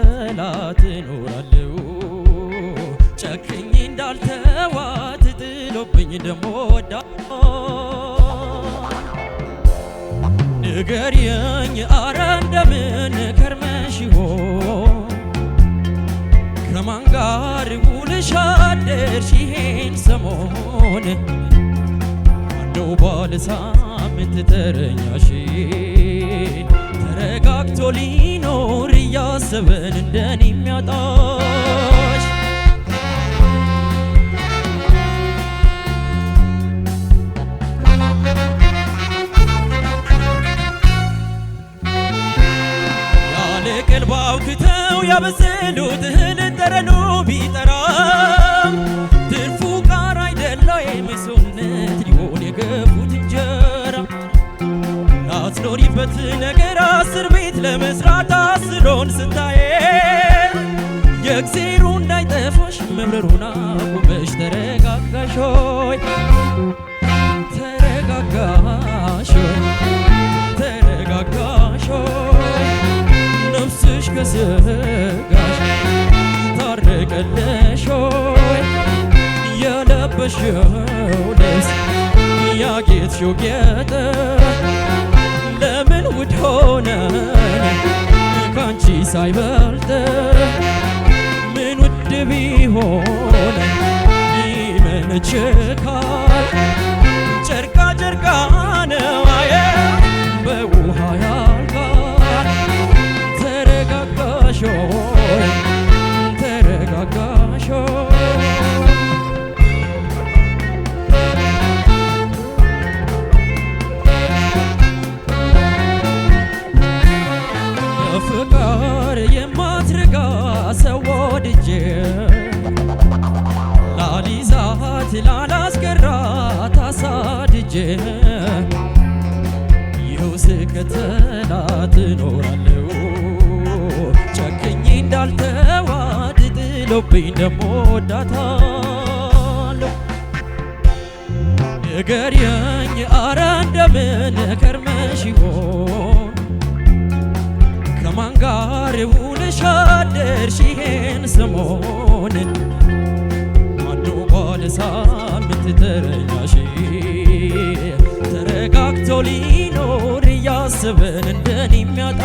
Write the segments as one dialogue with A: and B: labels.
A: ጠላት እኖራለሁ ጨክኝ እንዳልተዋ ትጥሎብኝ ደሞ ወዳ ንገሪኝ አረ እንደምን ከርመሽ ይሆን ከማን ጋር ውልሽ አደርሽ ይሄን ሰሞን አነው ባለ ሳምንት ተረኛሽ ተረጋግቶ ሊኖር እያሰበን እንደኔ የሚያጣሽ ያለ ቅልብ አውክተው ያበሰሉት እህል ጠረኑ ቢጠራ ያለበት ነገር አስር ቤት ለመስራት አስሮን ስታየ የእግዜሩ እንዳይጠፋሽ መብረሩን አቁመሽ ተረጋጋሽ ሆይ ተረጋጋሽ ተረጋጋሽ ነፍስሽ ከስጋሽ ታረቀለሽ ሆይ ያለበሽው ልብስ ያጌጥሽው ጌጥ ሆነኝ ካንቺ ሳይበልጥ ምን ውድ ቢሆን ይመነችካል በፈተናት እኖራለሁ ጨክኝ እንዳልተዋት ጥሎብኝ ደሞ ወዳታለሁ ንገሪኝ አረ እንደምን ከርመሽ ይሆን ከማን ጋር ውለሽ አደርሽ ይሄን ሰሞን ማኑ ባለሳምንት ተረኛሽ ተረጋግቶ ሊኖር ማሰብን እንደኔ የሚያጣሽ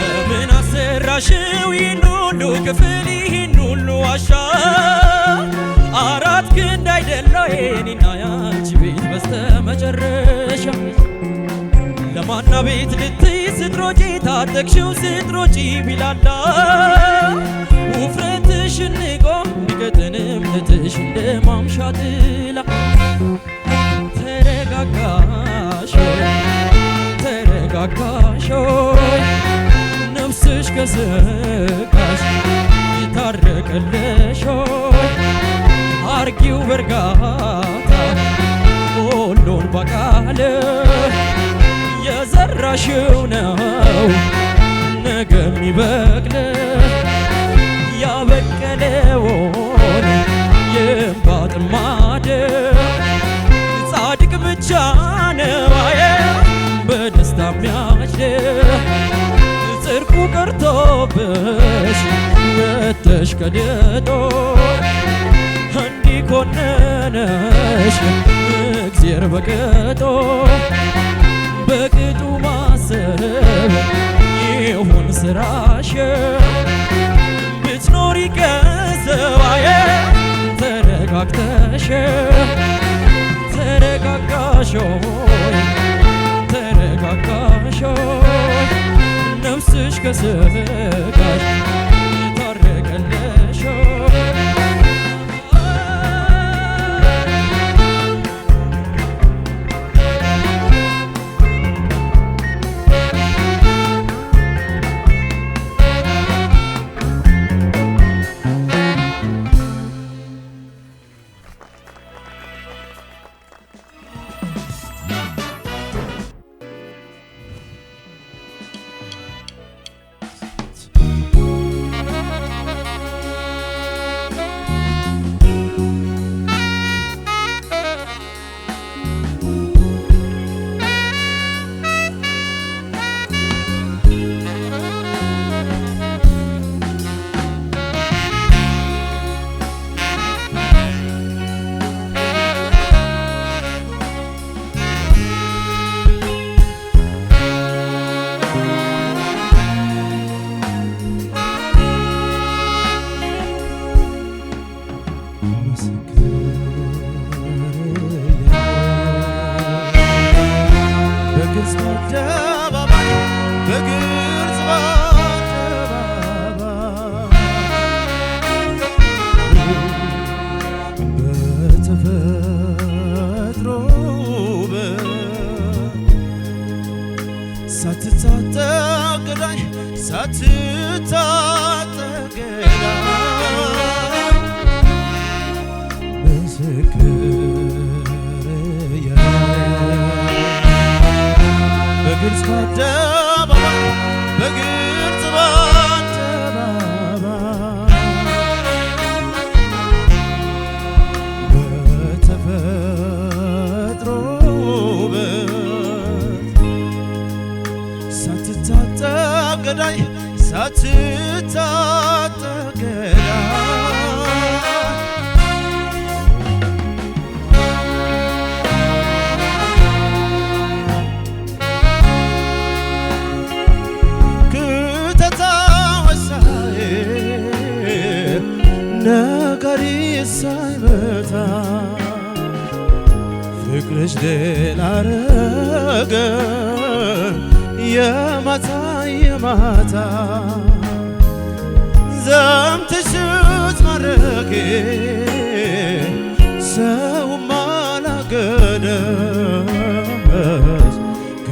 A: ለምን አሰራሽው ይህን ሁሉ ክፍል ይህን ሁሉ ዋሻ አራት ክንድ አይደለ የኔና ያንቺ ቤት በስተመጨረሻ ማና ቤት ልትይ ስትሮጪ ታጠቅሽው ስትሮጪ ቢላላ ውፍረትሽ ንቆ ንገትንም ልትሽ እንደ ማምሻ ጥላ ተረጋጋሾ ነፍስሽ ከሰቃሽ ይታረቀለሾ አርጊው በርጋታ ሎን በቃለ የዘራሽው ነው ነገ የሚበቅል ያበቀለውን የእምባ ጥማድ ጻድቅ ብቻ ነው በደስታ የሚያጭድ ጽድቁ ቀርቶብሽ ወጥተሽ ከድጦ እንዲኮነነሽ እግዜር በቅጦ በቅጡ ማሰብ ይሁን ስራሽ ብትኖሪ ከሰባዬ ተረጋግተሽ ተረጋጋሽ ሆይ ተረጋጋሽ ሆይ ነፍስሽ ከስጋሽ ታረቀለሽ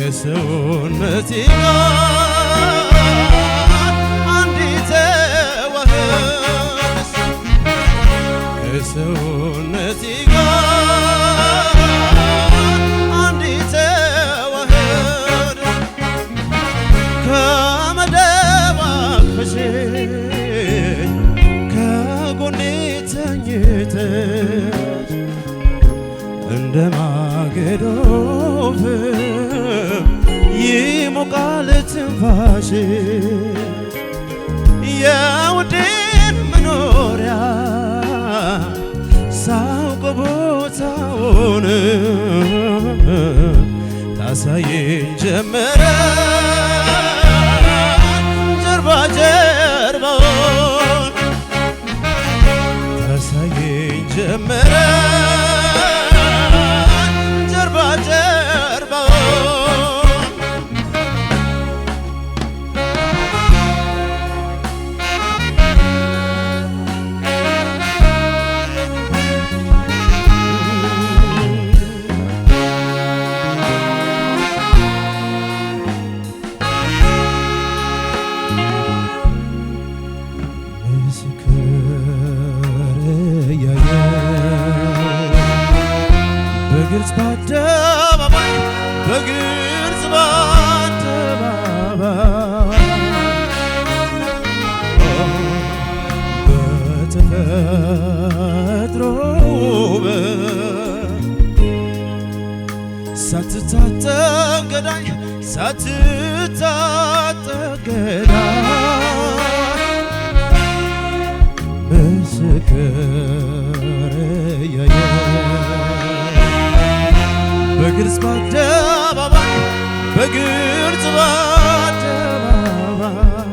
A: የሰውነት አንዲት ዋህስ ከሰውነት አንዲት ከጎኔ ተኝተሽ እንደ ማገዶ ፍሬ ይሞቃል ትንፋሽ የውዴን መኖሪያ ሳውቅ ቦታውን ታሳየኝ ጀመረ በአደባባይ በግልጽ በአደባባይ ሳትታጠብ ገዳይ ሳትታጠብ ገዳይ ምስክር በግልጽ በአደባባይ በግልጽ በአደባባይ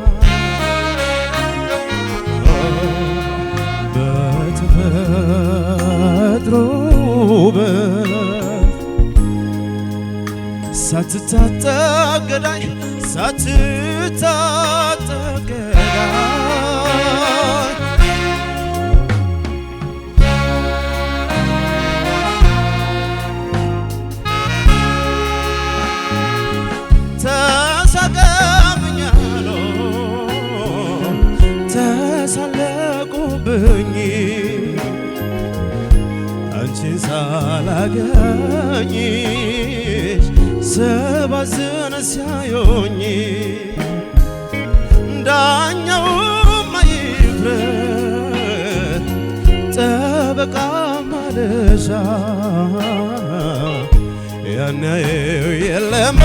A: በተፈጥሮ ውበት ሳትታጠቅ ገዳይ ሳትታጠቅ ገዳይ ሳገኝሽ ሰባዝን ሲያዩኝ ዳኛውማ ይፍረድ ጠበቃ ማለሻ ያናየው የለማ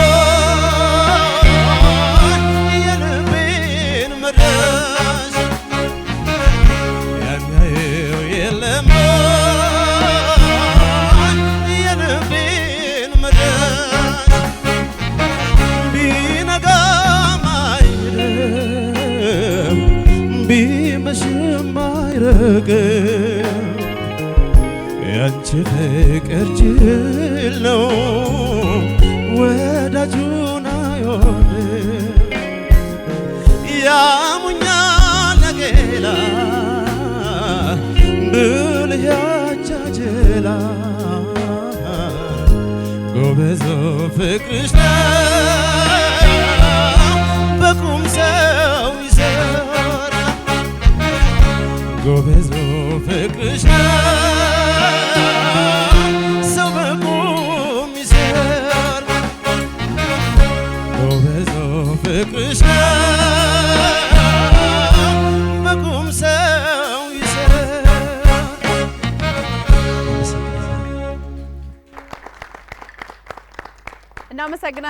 A: his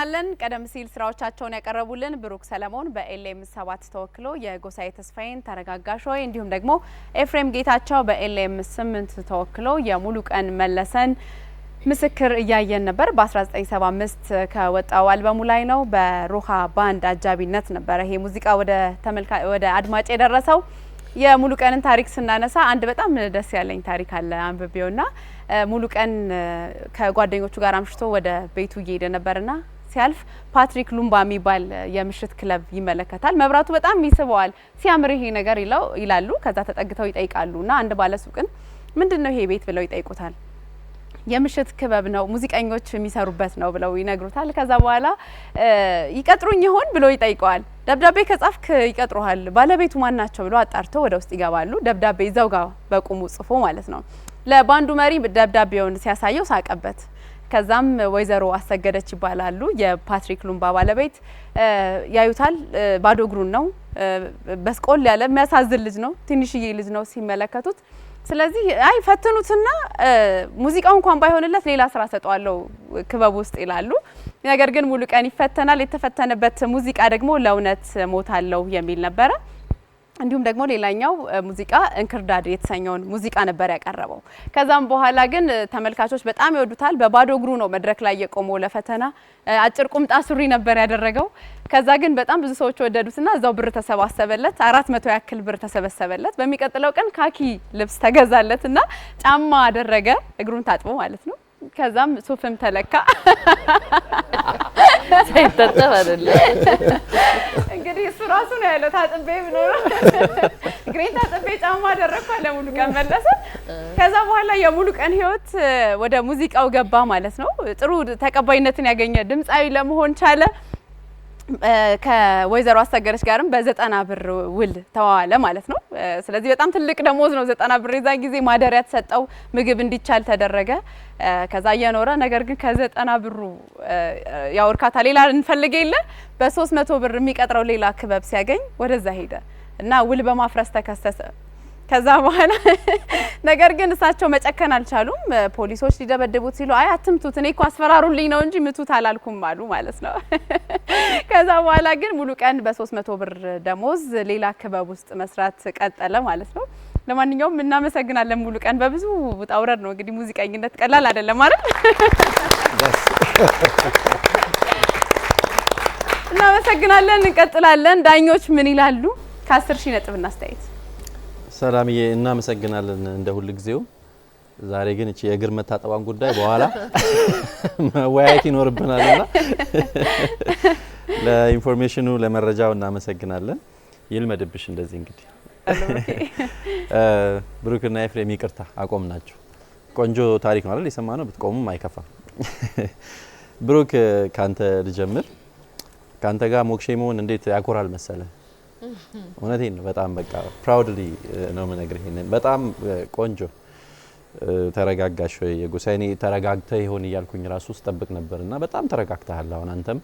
B: እናመሰግናለን። ቀደም ሲል ስራዎቻቸውን ያቀረቡልን ብሩክ ሰለሞን በኤልኤም ሰባት ተወክሎ የጎሳዬ ተስፋዬን ተረጋጋሽ ሆይ፣ እንዲሁም ደግሞ ኤፍሬም ጌታቸው በኤልኤም ስምንት ተወክሎ የሙሉ ቀን መለሰን ምስክር እያየን ነበር። በ1975 ከወጣው አልበሙ ላይ ነው። በሮሃ ባንድ አጃቢነት ነበረ ይሄ ሙዚቃ ወደ ተመልካ ወደ አድማጭ የደረሰው። የሙሉ ቀንን ታሪክ ስናነሳ አንድ በጣም ደስ ያለኝ ታሪክ አለ አንብቤውና ሙሉ ቀን ከጓደኞቹ ጋር አምሽቶ ወደ ቤቱ እየሄደ ነበርና ሲያልፍ ፓትሪክ ሉምባ የሚባል የምሽት ክለብ ይመለከታል። መብራቱ በጣም ይስበዋል። ሲያምር ይሄ ነገር ይላሉ። ከዛ ተጠግተው ይጠይቃሉ እና አንድ ባለሱቅን ምንድን ነው ይሄ ቤት ብለው ይጠይቁታል። የምሽት ክበብ ነው ሙዚቀኞች የሚሰሩበት ነው ብለው ይነግሩታል። ከዛ በኋላ ይቀጥሩኝ ይሆን ብሎ ይጠይቀዋል። ደብዳቤ ከጻፍክ ይቀጥሩሃል፣ ባለቤቱ ማን ናቸው ብሎ አጣርቶ ወደ ውስጥ ይገባሉ። ደብዳቤ ይዘው ጋር በቁሙ ጽፎ ማለት ነው። ለባንዱ መሪ ደብዳቤውን ሲያሳየው ሳቀበት። ከዛም ወይዘሮ አሰገደች ይባላሉ የፓትሪክ ሉምባ ባለቤት ያዩታል። ባዶ እግሩን ነው፣ በስቆል ያለ የሚያሳዝን ልጅ ነው፣ ትንሽዬ ልጅ ነው ሲመለከቱት። ስለዚህ አይ ፈትኑትና ሙዚቃው እንኳን ባይሆንለት ሌላ ስራ ሰጠዋለው ክበብ ውስጥ ይላሉ። ነገር ግን ሙሉ ቀን ይፈተናል። የተፈተነበት ሙዚቃ ደግሞ ለእውነት ሞታለው የሚል ነበረ። እንዲሁም ደግሞ ሌላኛው ሙዚቃ እንክርዳድ የተሰኘውን ሙዚቃ ነበር ያቀረበው። ከዛም በኋላ ግን ተመልካቾች በጣም ይወዱታል። በባዶ እግሩ ነው መድረክ ላይ የቆመው ለፈተና። አጭር ቁምጣ ሱሪ ነበር ያደረገው። ከዛ ግን በጣም ብዙ ሰዎች ወደዱትና እዛው ብር ተሰባሰበለት፣ አራት መቶ ያክል ብር ተሰበሰበለት። በሚቀጥለው ቀን ካኪ ልብስ ተገዛለትና ጫማ አደረገ፣ እግሩን ታጥቦ ማለት ነው። ከዛም ሱፍም ተለካ ሳይታጠብ አይደለ እንግዲህ እሱ ራሱ ነው ያለው። ታጥቤ ብኖረ ግሬን ታጥቤ ጫማ አደረግኩ አለ ሙሉ ቀን መለሰ። ከዛ በኋላ የሙሉ ቀን ህይወት ወደ ሙዚቃው ገባ ማለት ነው። ጥሩ ተቀባይነትን ያገኘ ድምፃዊ ለመሆን ቻለ። ከወይዘሮ አሳገረች ጋርም በዘጠና ብር ውል ተዋዋለ ማለት ነው። ስለዚህ በጣም ትልቅ ደሞዝ ነው ዘጠና ብር። የዛ ጊዜ ማደሪያ ተሰጠው፣ ምግብ እንዲቻል ተደረገ። ከዛ እየኖረ ነገር ግን ከዘጠና ብሩ ያው እርካታ ሌላ እንፈልግ የለ በሶስት መቶ ብር የሚቀጥረው ሌላ ክበብ ሲያገኝ ወደዛ ሄደ እና ውል በማፍረስ ተከሰሰ። ከዛ በኋላ ነገር ግን እሳቸው መጨከን አልቻሉም። ፖሊሶች ሊደበድቡት ሲሉ አይ አትምቱት፣ እኔ እኮ አስፈራሩልኝ ነው እንጂ ምቱት አላልኩም አሉ ማለት ነው። ከዛ በኋላ ግን ሙሉ ቀን በሶስት መቶ ብር ደሞዝ ሌላ ክበብ ውስጥ መስራት ቀጠለ ማለት ነው። ለማንኛውም እናመሰግናለን ሙሉ ቀን። በብዙ ውጣ ውረድ ነው እንግዲህ ሙዚቀኝነት ቀላል አይደለም ማለት እናመሰግናለን። እንቀጥላለን። ዳኞች ምን ይላሉ? ከአስር ሺህ ነጥብ እናስተያየት ሰላምዬ እናመሰግናለን እንደ
C: ሁል ጊዜው። ዛሬ ግን እቺ የእግር መታጠቧን ጉዳይ በኋላ መወያየት ይኖርብናልና ለኢንፎርሜሽኑ ለመረጃው እናመሰግናለን። ይልመድብሽ እንደዚህ እንግዲህ ብሩክና ኤፍሬም ይቅርታ አቆም ናቸው። ቆንጆ ታሪክ ነው አይደል? የሰማ ነው ብትቆሙም አይከፋም። ብሩክ ካንተ ልጀምር። ካንተ ጋር ሞክሼ መሆን እንዴት ያኮራል መሰለ እውነቴን ነው። በጣም በቃ ፕራውድሊ ነው የምነግርህ። ይሄንን በጣም ቆንጆ ተረጋጋሽ ወይ የጎሳይኔ ተረጋግተህ ይሆን እያልኩኝ ራሱ ውስጥ ጠብቅ ነበር እና በጣም ተረጋግተሃል። አሁን አንተም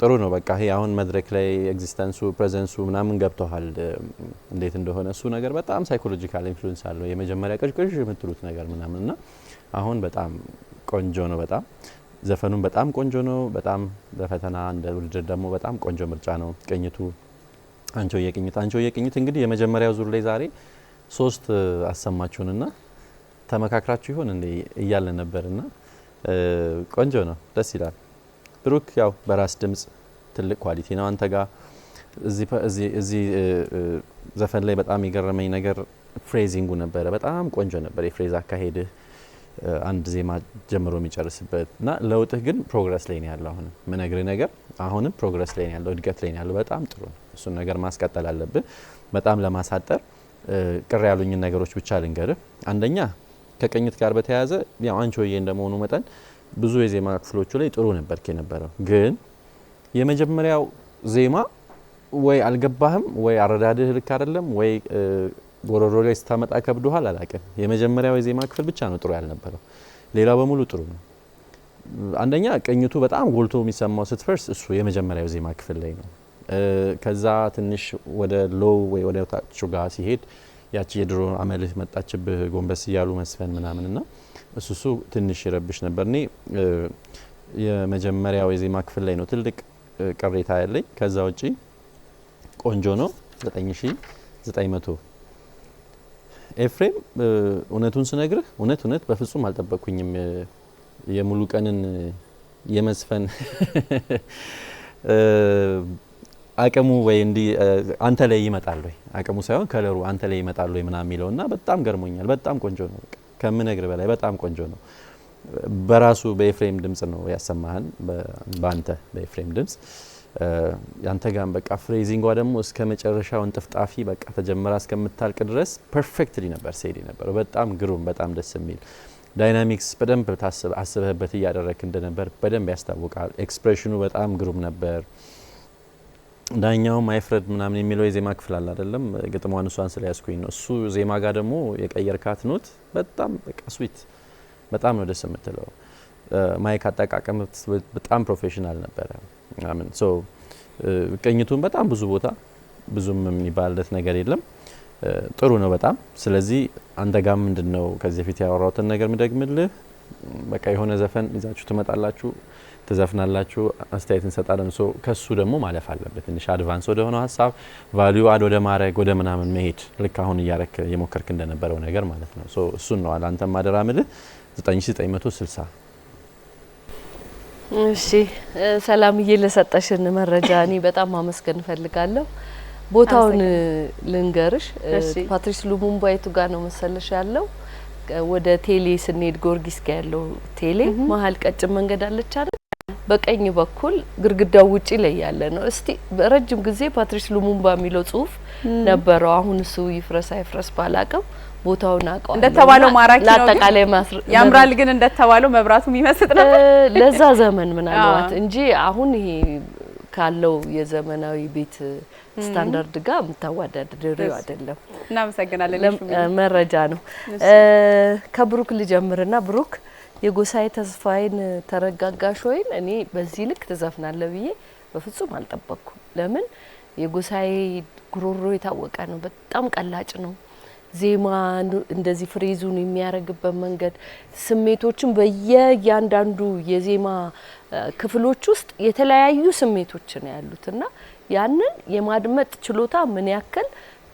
C: ጥሩ ነው በቃ ይሄ አሁን መድረክ ላይ ኤግዚስተንሱ ፕሬዘንሱ ምናምን ገብተዋል እንዴት እንደሆነ እሱ ነገር በጣም ሳይኮሎጂካል ኢንፍሉዌንስ አለው። የመጀመሪያ ቅዥቅዥ የምትሉት ነገር ምናምን እና አሁን በጣም ቆንጆ ነው በጣም ዘፈኑም በጣም ቆንጆ ነው። በጣም ለፈተና እንደ ውድድር ደግሞ በጣም ቆንጆ ምርጫ ነው። ቅኝቱ አንቾ የቅኝት አንቾ የቅኝት እንግዲህ የመጀመሪያው ዙር ላይ ዛሬ ሶስት አሰማችሁንና ተመካክራችሁ ይሆን እንዴ እያለ ነበርና ቆንጆ ነው፣ ደስ ይላል። ብሩክ ያው በራስ ድምጽ ትልቅ ኳሊቲ ነው አንተ ጋር። እዚህ ዘፈን ላይ በጣም የገረመኝ ነገር ፍሬዚንጉ ነበረ። በጣም ቆንጆ ነበር የፍሬዝ አካሄድህ አንድ ዜማ ጀምሮ የሚጨርስበት እና ለውጥህ ግን ፕሮግረስ ላይ ያለው። አሁን ምነግር ነገር አሁንም ፕሮግረስ ላይ ያለው፣ እድገት ላይ ያለው። በጣም ጥሩ ነው። እሱን ነገር ማስቀጠል አለብን። በጣም ለማሳጠር ቅር ያሉኝን ነገሮች ብቻ ልንገርህ። አንደኛ ከቅኝት ጋር በተያያዘ ያው አንቺ ወዬ እንደመሆኑ መጠን ብዙ የዜማ ክፍሎቹ ላይ ጥሩ ነበርክ የነበረው፣ ግን የመጀመሪያው ዜማ ወይ አልገባህም ወይ አረዳድህ ልክ አይደለም ወይ ጎሮሮ ላይ ስታመጣ ከብዶሃል አላቅም። የመጀመሪያው የዜማ ክፍል ብቻ ነው ጥሩ ያልነበረው፣ ሌላው በሙሉ ጥሩ ነው። አንደኛ ቅኝቱ በጣም ጎልቶ የሚሰማው ስትፈርስ እሱ የመጀመሪያው ዜማ ክፍል ላይ ነው። ከዛ ትንሽ ወደ ሎው ወይ ወደ ታች ጋር ሲሄድ ያቺ የድሮ አመልህ መጣችብህ፣ ጎንበስ እያሉ መስፈን ምናምን ና እሱ እሱ ትንሽ ይረብሽ ነበር። እኔ የመጀመሪያው የዜማ ክፍል ላይ ነው ትልቅ ቅሬታ ያለኝ። ከዛ ውጪ ቆንጆ ነው መቶ ኤፍሬም እውነቱን ስነግርህ እውነት እውነት በፍጹም አልጠበቅኩኝም። የሙሉ ቀንን የመዝፈን አቅሙ ወይ እንዲህ አንተ ላይ ይመጣል ወይ አቅሙ ሳይሆን ከለሩ አንተ ላይ ይመጣል ወይ ምናምን የሚለው እና በጣም ገርሞኛል። በጣም ቆንጆ ነው፣ ከምነግር በላይ በጣም ቆንጆ ነው። በራሱ በኤፍሬም ድምጽ ነው ያሰማህን፣ በአንተ በኤፍሬም ድምጽ ያንተ ጋር በቃ ፍሬዚንጓ ደግሞ እስከ መጨረሻው እንጥፍጣፊ በቃ ተጀምራ እስከምታልቅ ድረስ ፐርፌክትሊ ነበር ሴዲ የነበረው። በጣም ግሩም፣ በጣም ደስ የሚል ዳይናሚክስ በደንብ አስበህበት እያደረክ እንደነበር በደንብ ያስታውቃል። ኤክስፕሬሽኑ በጣም ግሩም ነበር። ዳኛው ማይፍረድ ምናምን የሚለው የዜማ ክፍል አለ አይደለም? ግጥሟን እሷን ስለያዝኩኝ ነው። እሱ ዜማ ጋር ደግሞ የቀየርካት ኖት በጣም በቃ ስዊት፣ በጣም ነው ደስ የምትለው ማይክ አጠቃቀም በጣም ፕሮፌሽናል ነበረ ምናምን ቅኝቱን በጣም ብዙ ቦታ ብዙም የሚባልለት ነገር የለም። ጥሩ ነው በጣም ስለዚህ አንተ ጋር ምንድን ነው ከዚህ በፊት ያወራሁትን ነገር ምደግምልህ በቃ የሆነ ዘፈን ይዛችሁ ትመጣላችሁ፣ ትዘፍናላችሁ፣ አስተያየት እንሰጣለን። ሶ ከሱ ደግሞ ማለፍ አለበት ትንሽ አድቫንስ ወደ ሆነው ሀሳብ ቫሊዩ አድ ወደ ማድረግ ወደ ምናምን መሄድ ልክ አሁን እያረክ የሞከርክ እንደነበረው ነገር ማለት ነው። እሱን ነው አንተም ማደራ ምልህ 9960 እሺ ሰላምዬ ለሰጠሽን መረጃ እኔ በጣም ማመስገን እፈልጋለሁ። ቦታውን ልንገርሽ ፓትሪስ ሉሙምባ የቱ ጋር ነው መሰለሽ ያለው? ወደ ቴሌ ስንሄድ ጊዮርጊስ ጋር ያለው ቴሌ መሀል ቀጭን መንገድ አለች አይደል? በቀኝ በኩል ግርግዳው ውጪ ላይ ያለ ነው። እስቲ ረጅም ጊዜ ፓትሪስ ሉሙምባ የሚለው ጽሁፍ ነበረው። አሁን እሱ ይፍረስ አይፍረስ ባላቅም ቦታውን አውቀዋለሁ። እንደተባለው ማራኪ ነው፣ ለአጠቃላይ ያምራል። ግን እንደተባለው መብራቱ የሚመስጥ ነበር ለዛ ዘመን ምናልባት
D: እንጂ አሁን ይሄ ካለው የዘመናዊ ቤት ስታንዳርድ ጋር የምታወዳድሪው አይደለም። እናመሰግናለን። መረጃ ነው። ከብሩክ ልጀምርና ብሩክ የጎሳዬ ተስፋዬን ተረጋጋሽ ወይን እኔ በዚህ ልክ ትዘፍናለህ ብዬ በፍጹም አልጠበቅኩም። ለምን የጎሳዬ ጉሮሮ የታወቀ ነው። በጣም ቀላጭ ነው። ዜማ እንደዚህ ፍሬዙን የሚያደርግበት መንገድ ስሜቶችን በየእያንዳንዱ የዜማ
B: ክፍሎች ውስጥ የተለያዩ ስሜቶች ነው ያሉት ያንን የማድመጥ ችሎታ ምን ያክል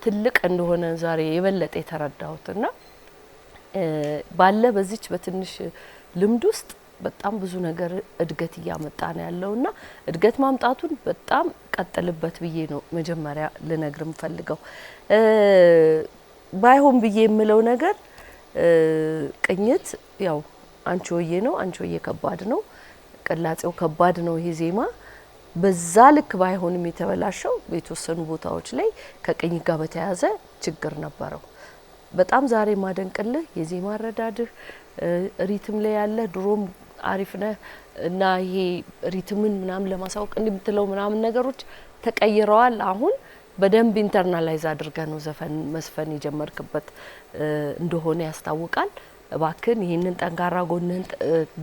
B: ትልቅ እንደሆነ ዛሬ የበለጠ የተረዳሁት
D: ባለ በዚች በትንሽ ልምድ ውስጥ በጣም ብዙ ነገር እድገት እያመጣ ነው ያለው እና እድገት ማምጣቱን በጣም ቀጥልበት ብዬ ነው መጀመሪያ ልነግር ምፈልገው። ባይሆን ብዬ የምለው ነገር ቅኝት ያው አንቺ ወዬ ነው፣ አንቺ ወዬ ከባድ ነው፣ ቅላጼው ከባድ ነው። ይሄ ዜማ በዛ ልክ ባይሆንም የተበላሸው የተወሰኑ ቦታዎች ላይ ከቅኝት ጋር በተያያዘ ችግር ነበረው። በጣም ዛሬ ማደንቅልህ የዜማ አረዳድህ ሪትም ላይ ያለ ድሮም አሪፍ ነህ እና ይሄ ሪትምን ምናምን ለማሳወቅ እንዲህ ምናምን ነገሮች ተቀይረዋል አሁን በደንብ ኢንተርናላይዝ አድርገ ነው ዘፈን መስፈን የጀመርክበት እንደሆነ ያስታውቃል። እባክን ይህንን ጠንካራ ጎንህን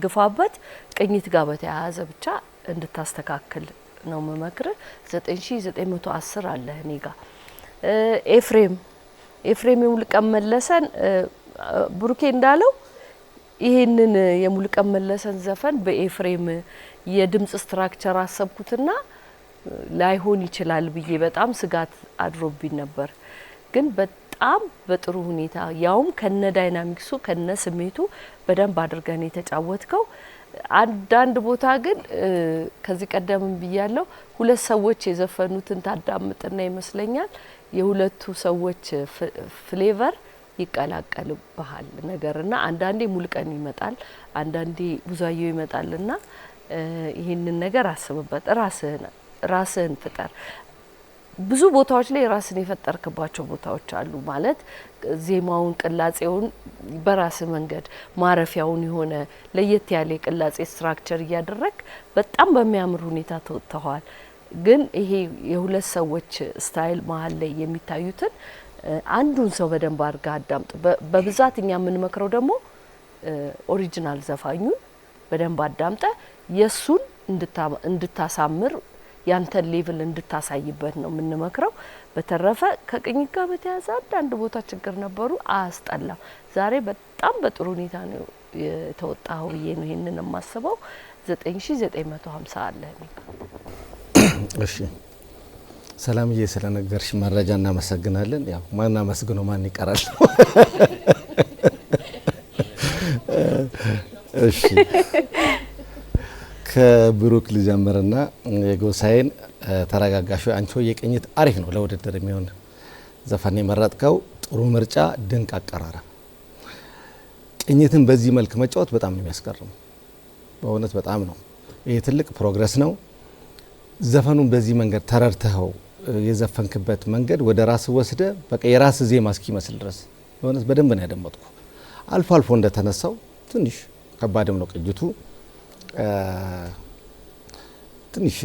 D: ግፋበት። ቅኝት ጋር በተያያዘ ብቻ እንድታስተካክል ነው መመክር። 9910 አለ እኔ ጋ ኤፍሬም ኤፍሬም የሙሉቀን መለሰን ብሩኬ እንዳለው ይህንን የሙሉቀን መለሰን ዘፈን በኤፍሬም የድምጽ ስትራክቸር አሰብኩትና ላይሆን ይችላል ብዬ በጣም ስጋት አድሮብኝ ነበር። ግን በጣም በጥሩ ሁኔታ ያውም ከነ ዳይናሚክሱ ከነ ስሜቱ በደንብ አድርገን የተጫወትከው። አንዳንድ ቦታ ግን ከዚህ ቀደምም ብያለው፣ ሁለት ሰዎች የዘፈኑትን ታዳምጥና ይመስለኛል የሁለቱ ሰዎች ፍሌቨር ይቀላቀልብሃል ነገርና አንዳንዴ ሙልቀን ይመጣል፣ አንዳንዴ ቡዛየው ይመጣልና ይህንን ነገር አስብበት ራስህን ራስህን ፍጠር። ብዙ ቦታዎች ላይ ራስን የፈጠርክባቸው ቦታዎች አሉ። ማለት ዜማውን ቅላጼውን በራስ መንገድ ማረፊያውን የሆነ ለየት ያለ የቅላጼ ስትራክቸር እያደረግ በጣም በሚያምር ሁኔታ ተወጥተዋል። ግን ይሄ የሁለት ሰዎች ስታይል መሀል ላይ የሚታዩትን አንዱን ሰው በደንብ አርጋ አዳምጥ። በብዛት እኛ የምንመክረው ደግሞ ኦሪጂናል ዘፋኙን በደንብ አዳምጠ የእሱን እንድታሳምር ያንተን ሌቭል እንድታሳይበት ነው የምንመክረው። በተረፈ ከቅኝት ጋር በተያያዘ አንዳንድ ቦታ ችግር ነበሩ፣ አያስጠላም። ዛሬ በጣም በጥሩ ሁኔታ ነው የተወጣው ብዬ ነው ይህንን የማስበው። 9950 አለ። እሺ ሰላምዬ ስለነገርሽ መረጃ እናመሰግናለን። ያው ማን አመስግኖ ማን ይቀራል? እሺ ከብሩክ ልጀምርና የጎሳዬን ተረጋጋሹ አንቺ የቅኝት አሪፍ ነው ለውድድር የሚሆን ዘፈን የመረጥከው። ጥሩ ምርጫ፣ ድንቅ አቀራረብ። ቅኝትን በዚህ መልክ መጫወት በጣም ነው የሚያስገርመው። በእውነት በጣም ነው ይህ ትልቅ ፕሮግረስ ነው። ዘፈኑን በዚህ መንገድ ተረድተኸው የዘፈንክበት መንገድ ወደ ራስ ወስደ በቃ የራስ ዜማ እስኪመስል ድረስ በእውነት በደንብ ነው ያደመጥኩ። አልፎ አልፎ እንደተነሳው ትንሽ ከባድም ነው ቅጅቱ ትንሽ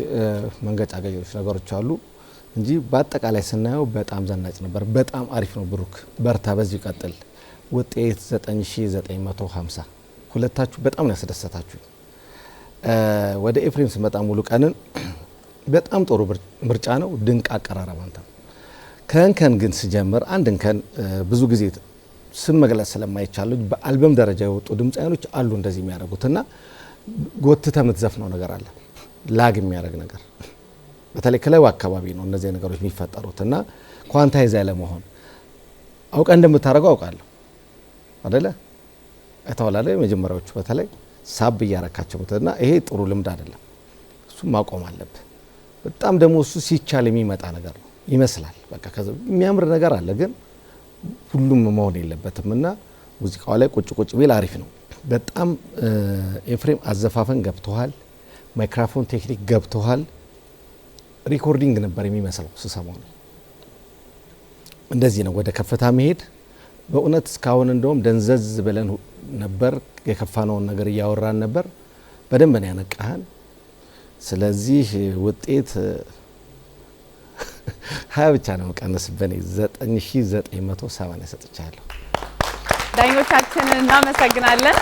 D: መንገጫገጮች ነገሮች አሉ እንጂ በአጠቃላይ ስናየው በጣም ዘናጭ ነበር። በጣም አሪፍ ነው። ብሩክ በርታ፣ በዚሁ ቀጥል። ውጤት 9950 ሁለታችሁ በጣም ነው ያስደሰታችሁ። ወደ ኤፍሬም ስመጣ ሙሉ ቀንን በጣም ጥሩ ምርጫ ነው። ድንቅ አቀራረብ አንተ ነው። ከእንከን ግን ስጀምር አንድ እንከን ብዙ ጊዜ ስም መግለጽ ስለማይቻሉ በአልበም ደረጃ የወጡ ድምፃያኖች አሉ እንደዚህ የሚያደርጉትና ጎትተ የምትዘፍነው ነገር አለ፣ ላግ የሚያደርግ ነገር በተለይ ክለብ አካባቢ ነው እነዚህ ነገሮች የሚፈጠሩት እና ኳንታይዝ ያለ መሆን አውቀ እንደምታደርገው አውቃለሁ አደለ ላይ መጀመሪያዎቹ በተለይ ሳብ እያረካቸው እና ይሄ ጥሩ ልምድ አይደለም። እሱም ማቆም አለብ በጣም ደግሞ እሱ ሲቻል የሚመጣ ነገር ነው ይመስላል። በቃ የሚያምር ነገር አለ፣ ግን ሁሉም መሆን የለበትም እና ሙዚቃው ላይ ቁጭ ቁጭ ቢል አሪፍ ነው። በጣም ኤፍሬም አዘፋፈን ገብተዋል፣ ማይክራፎን ቴክኒክ ገብተዋል። ሪኮርዲንግ ነበር የሚመስለው ስሰማው። እንደዚህ ነው ወደ ከፍታ መሄድ። በእውነት እስካሁን እንደውም ደንዘዝ ብለን ነበር፣ የከፋነውን ነገር እያወራን ነበር። በደንብ ነው ያነቃህን። ስለዚህ ውጤት ሀያ ብቻ ነው መቀነስ በኔ 9970 ሰጥቻለሁ። ዳኞቻችንን እናመሰግናለን።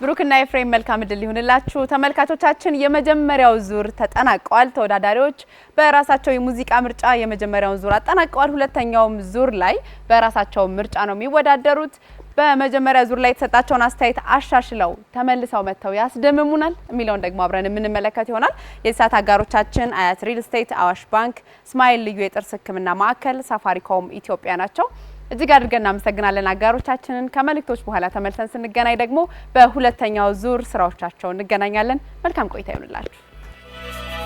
D: ብሩክና የፍሬም መልካም እድል ይሁንላችሁ። ተመልካቾቻችን የመጀመሪያው ዙር ተጠናቀዋል። ተወዳዳሪዎች በራሳቸው የሙዚቃ ምርጫ
B: የመጀመሪያውን ዙር አጠናቀዋል። ሁለተኛውም ዙር ላይ በራሳቸው ምርጫ ነው የሚወዳደሩት። በመጀመሪያ ዙር ላይ የተሰጣቸውን አስተያየት አሻሽለው ተመልሰው መጥተው ያስደምሙናል የሚለውን ደግሞ አብረን የምንመለከት ይሆናል። የሰዓት አጋሮቻችን አያት ሪል ስቴት፣ አዋሽ ባንክ፣ እስማኤል ልዩ የጥርስ ሕክምና ማዕከል፣ ሳፋሪኮም ኢትዮጵያ ናቸው። እጅግ አድርገን እናመሰግናለን አጋሮቻችንን። ከመልእክቶች በኋላ ተመልሰን ስንገናኝ ደግሞ በሁለተኛው ዙር ስራዎቻቸው እንገናኛለን። መልካም ቆይታ ይሆንላችሁ።